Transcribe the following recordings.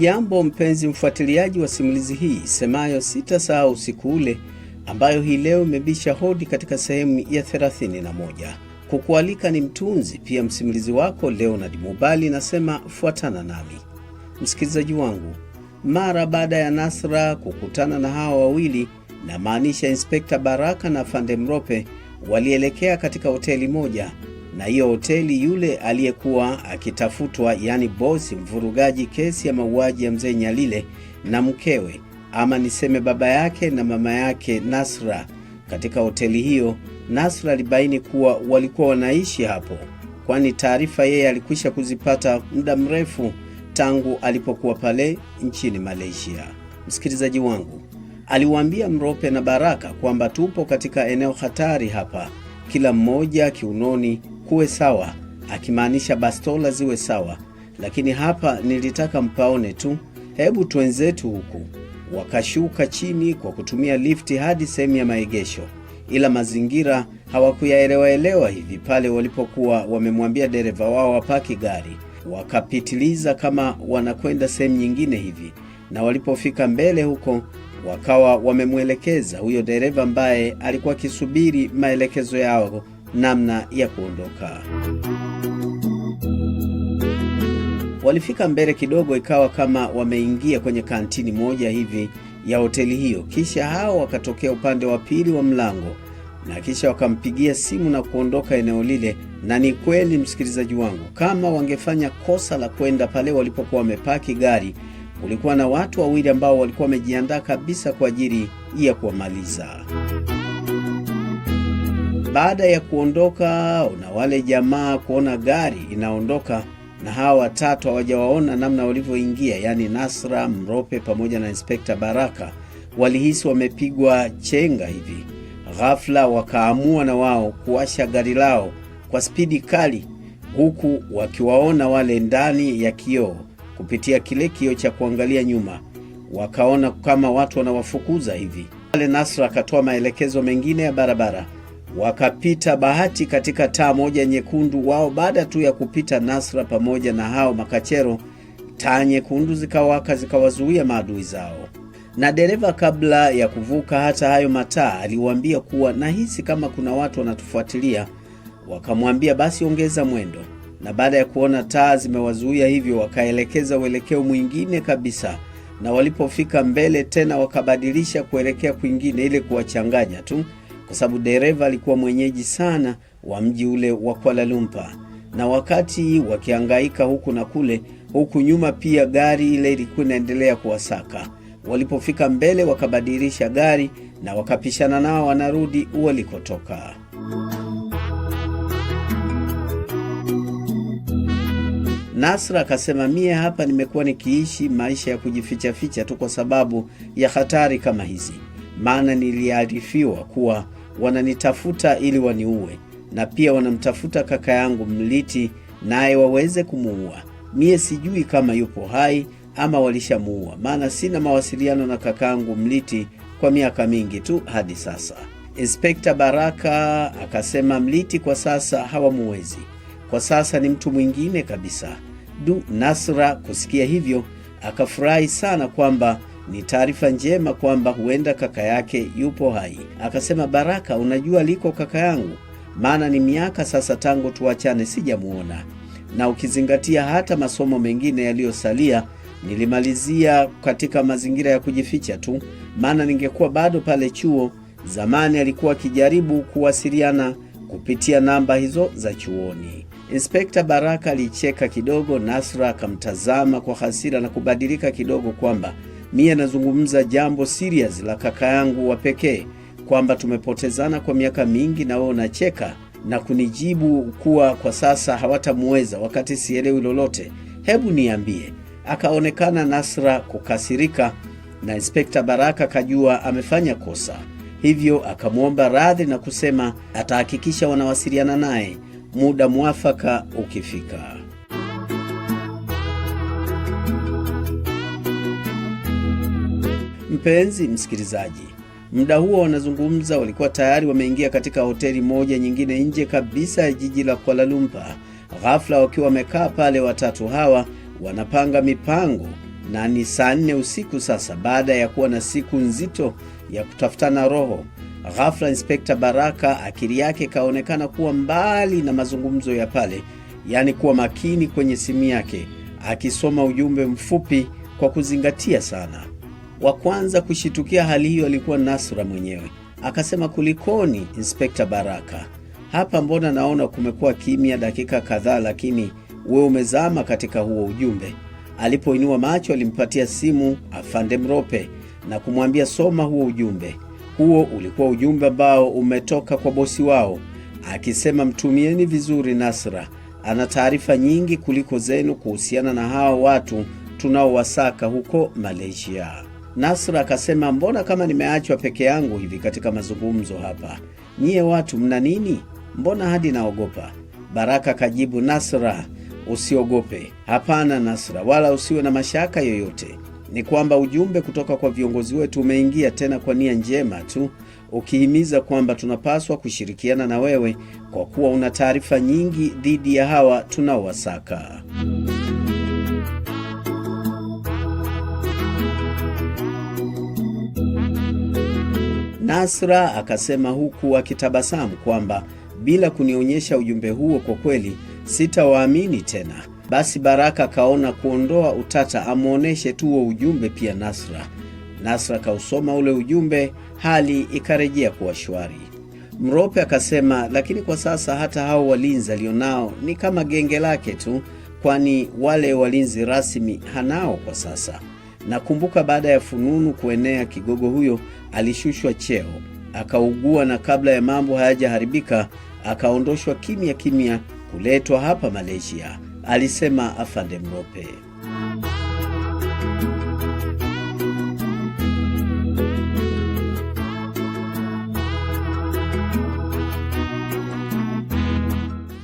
Hujambo mpenzi mfuatiliaji wa simulizi hii semayo Sitasahau Usiku Ule, ambayo hii leo imebisha hodi katika sehemu ya 31. Kukualika ni mtunzi pia msimulizi wako Leonard Mubali, nasema fuatana nami msikilizaji wangu. Mara baada ya Nasra kukutana na hawa wawili, namaanisha Inspekta Baraka na Fande Mrope, walielekea katika hoteli moja na hiyo hoteli yule aliyekuwa akitafutwa, yaani bosi mvurugaji kesi ya mauaji ya mzee Nyalile na mkewe, ama niseme baba yake na mama yake Nasra. Katika hoteli hiyo Nasra alibaini kuwa walikuwa wanaishi hapo, kwani taarifa yeye alikwisha kuzipata muda mrefu tangu alipokuwa pale nchini Malaysia. Msikilizaji wangu, aliwaambia Mrope na Baraka kwamba tupo katika eneo hatari hapa, kila mmoja kiunoni kuwe sawa, akimaanisha bastola ziwe sawa, lakini hapa nilitaka mpaone tu, hebu twenzetu huku. Wakashuka chini kwa kutumia lifti hadi sehemu ya maegesho, ila mazingira hawakuyaelewaelewa hivi pale walipokuwa wamemwambia dereva wao wapaki gari, wakapitiliza kama wanakwenda sehemu nyingine hivi, na walipofika mbele huko wakawa wamemwelekeza huyo dereva ambaye alikuwa akisubiri maelekezo yao namna ya kuondoka. Walifika mbele kidogo, ikawa kama wameingia kwenye kantini moja hivi ya hoteli hiyo, kisha hao wakatokea upande wa pili wa mlango na kisha wakampigia simu na kuondoka eneo lile. Na ni kweli, msikilizaji wangu, kama wangefanya kosa la kwenda pale walipokuwa wamepaki gari, kulikuwa na watu wawili ambao walikuwa wamejiandaa kabisa kwa ajili ya kuwamaliza. Baada ya kuondoka na wale jamaa kuona gari inaondoka na hawa watatu hawajawaona namna walivyoingia, yaani Nasra, Mrope pamoja na Inspekta Baraka, walihisi wamepigwa chenga hivi. Ghafla wakaamua na wao kuwasha gari lao kwa spidi kali, huku wakiwaona wale ndani ya kioo. Kupitia kile kioo cha kuangalia nyuma, wakaona kama watu wanawafukuza hivi. Wale Nasra akatoa maelekezo mengine ya barabara wakapita bahati katika taa moja nyekundu wao. Baada tu ya kupita Nasra pamoja na hao makachero, taa nyekundu zikawaka zikawazuia maadui zao, na dereva kabla ya kuvuka hata hayo mataa aliwaambia kuwa nahisi kama kuna watu wanatufuatilia. Wakamwambia basi ongeza mwendo, na baada ya kuona taa zimewazuia hivyo, wakaelekeza uelekeo mwingine kabisa, na walipofika mbele tena wakabadilisha kuelekea kwingine ili kuwachanganya tu kwa sababu dereva alikuwa mwenyeji sana wa mji ule wa Kuala Lumpur, na wakati wakihangaika huku na kule, huku nyuma pia gari ile ilikuwa inaendelea kuwasaka. Walipofika mbele, wakabadilisha gari na wakapishana nao wanarudi walikotoka. Nasra akasema, mie hapa nimekuwa nikiishi maisha ya kujifichaficha tu kwa sababu ya hatari kama hizi, maana niliarifiwa kuwa wananitafuta ili waniue, na pia wanamtafuta kaka yangu Mliti naye waweze kumuua. Miye sijui kama yupo hai ama walishamuua, maana sina mawasiliano na kakaangu Mliti kwa miaka mingi tu hadi sasa. Inspekta Baraka akasema Mliti kwa sasa hawamuwezi, kwa sasa ni mtu mwingine kabisa. Du, Nasra kusikia hivyo akafurahi sana kwamba ni taarifa njema kwamba huenda kaka yake yupo hai. Akasema, Baraka, unajua liko kaka yangu? Maana ni miaka sasa tangu tuachane, sijamuona. Na ukizingatia hata masomo mengine yaliyosalia nilimalizia katika mazingira ya kujificha tu, maana ningekuwa bado pale chuo. Zamani alikuwa akijaribu kuwasiliana kupitia namba hizo za chuoni. Inspekta Baraka alicheka kidogo, Nasra akamtazama kwa hasira na kubadilika kidogo kwamba mi anazungumza jambo serious la kaka yangu wa pekee, kwamba tumepotezana kwa miaka mingi, na wewe unacheka na kunijibu kuwa kwa sasa hawatamuweza, wakati sielewi lolote. Hebu niambie. Akaonekana Nasra kukasirika na Inspekta Baraka akajua amefanya kosa, hivyo akamwomba radhi na kusema atahakikisha wanawasiliana naye muda mwafaka ukifika. Mpenzi msikilizaji, muda huo wanazungumza walikuwa tayari wameingia katika hoteli moja nyingine nje kabisa ya jiji la Kuala Lumpur. Ghafla wakiwa wamekaa pale, watatu hawa wanapanga mipango, na ni saa nne usiku sasa, baada ya kuwa na siku nzito ya kutafutana roho. Ghafla Inspekta Baraka akili yake kaonekana kuwa mbali na mazungumzo ya pale, yaani kuwa makini kwenye simu yake, akisoma ujumbe mfupi kwa kuzingatia sana. Wa kwanza kushitukia hali hiyo alikuwa Nasra mwenyewe, akasema, kulikoni Inspekta Baraka? Hapa mbona naona kumekuwa kimya dakika kadhaa, lakini wewe umezama katika huo ujumbe. Alipoinua macho, alimpatia simu afande Mrope na kumwambia soma huo ujumbe. Huo ulikuwa ujumbe ambao umetoka kwa bosi wao akisema, mtumieni vizuri Nasra, ana taarifa nyingi kuliko zenu kuhusiana na hawa watu tunaowasaka huko Malaysia. Nasra akasema, mbona kama nimeachwa peke yangu hivi katika mazungumzo hapa? Nyie watu mna nini? Mbona hadi naogopa. Baraka akajibu, Nasra usiogope. Hapana Nasra, wala usiwe na mashaka yoyote. Ni kwamba ujumbe kutoka kwa viongozi wetu umeingia tena kwa nia njema tu, ukihimiza kwamba tunapaswa kushirikiana na wewe kwa kuwa una taarifa nyingi dhidi ya hawa tunaowasaka. Nasra akasema huku akitabasamu kwamba bila kunionyesha ujumbe huo kwa kweli sitawaamini tena. Basi Baraka akaona kuondoa utata amwonyeshe tu huo ujumbe pia Nasra. Nasra akausoma ule ujumbe, hali ikarejea kuwa shwari. Mrope akasema, lakini kwa sasa hata hao walinzi alionao ni kama genge lake tu, kwani wale walinzi rasmi hanao kwa sasa. Nakumbuka baada ya fununu kuenea, kigogo huyo alishushwa cheo, akaugua, na kabla ya mambo hayajaharibika akaondoshwa kimya kimya kuletwa hapa Malaysia, alisema Afande Mrope.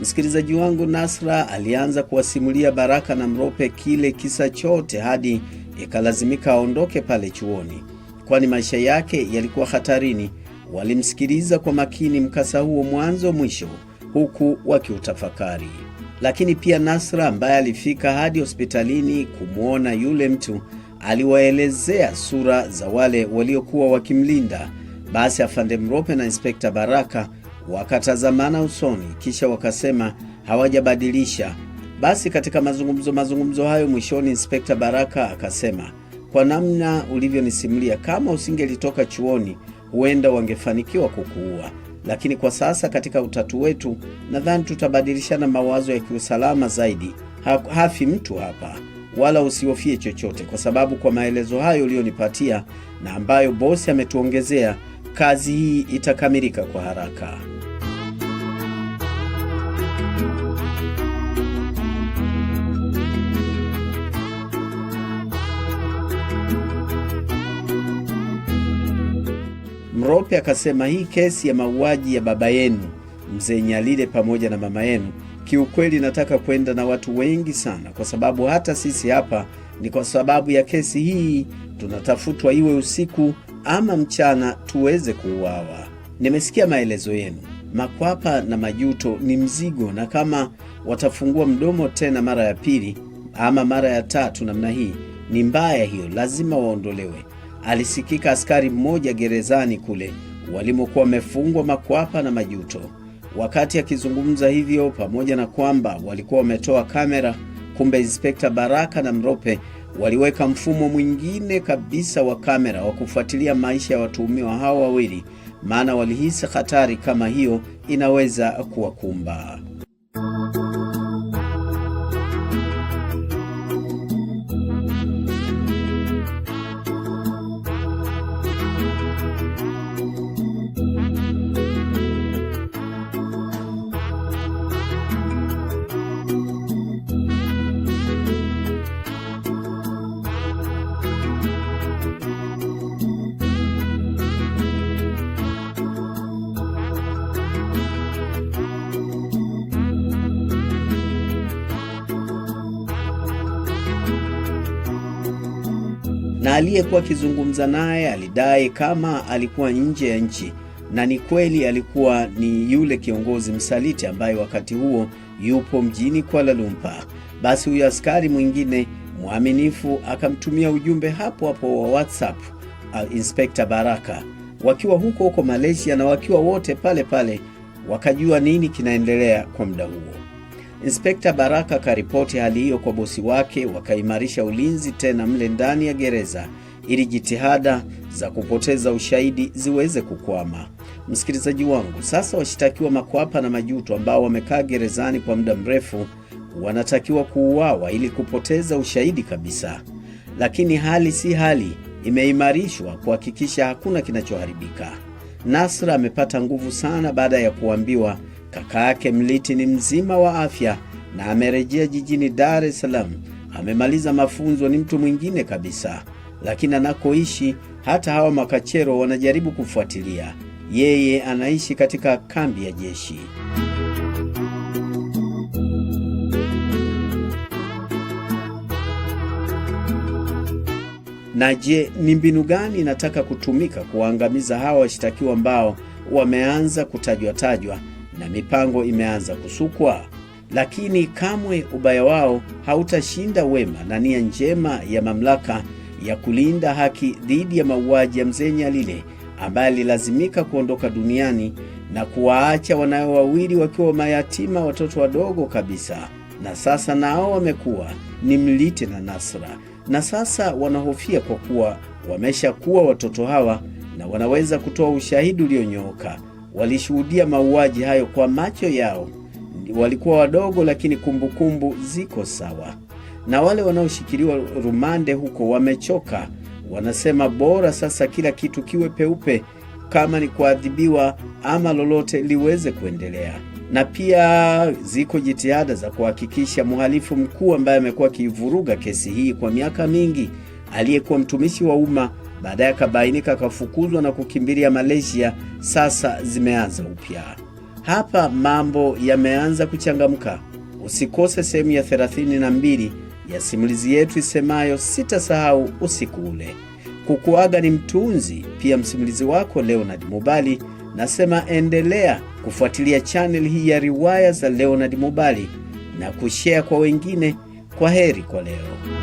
Msikilizaji wangu Nasra alianza kuwasimulia Baraka na Mrope kile kisa chote hadi ikalazimika aondoke pale chuoni kwani maisha yake yalikuwa hatarini. Walimsikiliza kwa makini mkasa huo mwanzo mwisho, huku wakiutafakari. Lakini pia Nasra ambaye alifika hadi hospitalini kumwona yule mtu aliwaelezea sura za wale waliokuwa wakimlinda. Basi afande Mrope na Inspekta Baraka wakatazamana usoni, kisha wakasema hawajabadilisha. Basi katika mazungumzo mazungumzo hayo, mwishoni Inspekta Baraka akasema kwa namna ulivyonisimulia, kama usingelitoka chuoni, huenda wangefanikiwa kukuua. Lakini kwa sasa katika utatu wetu, nadhani tutabadilishana mawazo ya kiusalama zaidi. Ha, hafi mtu hapa, wala usihofie chochote, kwa sababu kwa maelezo hayo uliyonipatia na ambayo bosi ametuongezea, kazi hii itakamilika kwa haraka. Mrope akasema hii kesi ya mauaji ya baba yenu mzee Nyalile pamoja na mama yenu, kiukweli nataka kwenda na watu wengi sana, kwa sababu hata sisi hapa ni kwa sababu ya kesi hii tunatafutwa, iwe usiku ama mchana, tuweze kuuawa. Nimesikia maelezo yenu. Makwapa na majuto ni mzigo, na kama watafungua mdomo tena mara ya pili ama mara ya tatu namna hii, ni mbaya hiyo, lazima waondolewe alisikika askari mmoja gerezani kule walimokuwa wamefungwa makwapa na majuto. Wakati akizungumza hivyo, pamoja na kwamba walikuwa wametoa kamera, kumbe Inspekta Baraka na Mrope waliweka mfumo mwingine kabisa wa kamera wa kufuatilia maisha ya watuhumiwa hao wawili, maana walihisi hatari kama hiyo inaweza kuwakumba. na aliyekuwa akizungumza naye alidai kama alikuwa nje ya nchi, na ni kweli alikuwa ni yule kiongozi msaliti ambaye wakati huo yupo mjini Kuala Lumpur. Basi huyo askari mwingine mwaminifu akamtumia ujumbe hapo hapo wa WhatsApp uh, Inspekta Baraka wakiwa huko huko Malaysia na wakiwa wote pale pale wakajua nini kinaendelea kwa muda huo. Inspekta Baraka akaripoti hali hiyo kwa bosi wake, wakaimarisha ulinzi tena mle ndani ya gereza ili jitihada za kupoteza ushahidi ziweze kukwama. Msikilizaji wangu, sasa washtakiwa Makwapa na Majuto ambao wamekaa gerezani kwa muda mrefu wanatakiwa kuuawa ili kupoteza ushahidi kabisa, lakini hali si hali imeimarishwa kuhakikisha hakuna kinachoharibika. Nasra amepata nguvu sana baada ya kuambiwa Kaka yake Mliti ni mzima wa afya na amerejea jijini Dar es Salaam. Amemaliza mafunzo, ni mtu mwingine kabisa, lakini anakoishi hata hawa makachero wanajaribu kufuatilia. Yeye anaishi katika kambi ya jeshi. Na je, ni mbinu gani inataka kutumika kuwaangamiza hawa washtakiwa ambao wameanza kutajwa tajwa na mipango imeanza kusukwa, lakini kamwe ubaya wao hautashinda wema na nia njema ya mamlaka ya kulinda haki dhidi ya mauaji ya Mzee Nyalile ambaye alilazimika kuondoka duniani na kuwaacha wanawe wawili wakiwa mayatima, watoto wadogo kabisa, na sasa nao wamekuwa ni Mlite na Nasra, na sasa wanahofia kwa kuwa wameshakuwa watoto hawa na wanaweza kutoa ushahidi ulionyooka walishuhudia mauaji hayo kwa macho yao. Walikuwa wadogo, lakini kumbukumbu kumbu ziko sawa. Na wale wanaoshikiliwa rumande huko wamechoka, wanasema bora sasa kila kitu kiwe peupe, kama ni kuadhibiwa ama lolote liweze kuendelea. Na pia ziko jitihada za kuhakikisha mhalifu mkuu ambaye amekuwa akivuruga kesi hii kwa miaka mingi, aliyekuwa mtumishi wa umma baadaye akabainika akafukuzwa na kukimbilia Malaysia. Sasa zimeanza upya hapa, mambo yameanza kuchangamka. Usikose sehemu ya 32 ya simulizi yetu isemayo Sitasahau usiku ule. Kukuaga ni mtunzi pia msimulizi wako Leonard Mubali. Nasema endelea kufuatilia chaneli hii ya riwaya za Leonard Mubali na kushea kwa wengine. Kwa heri kwa leo.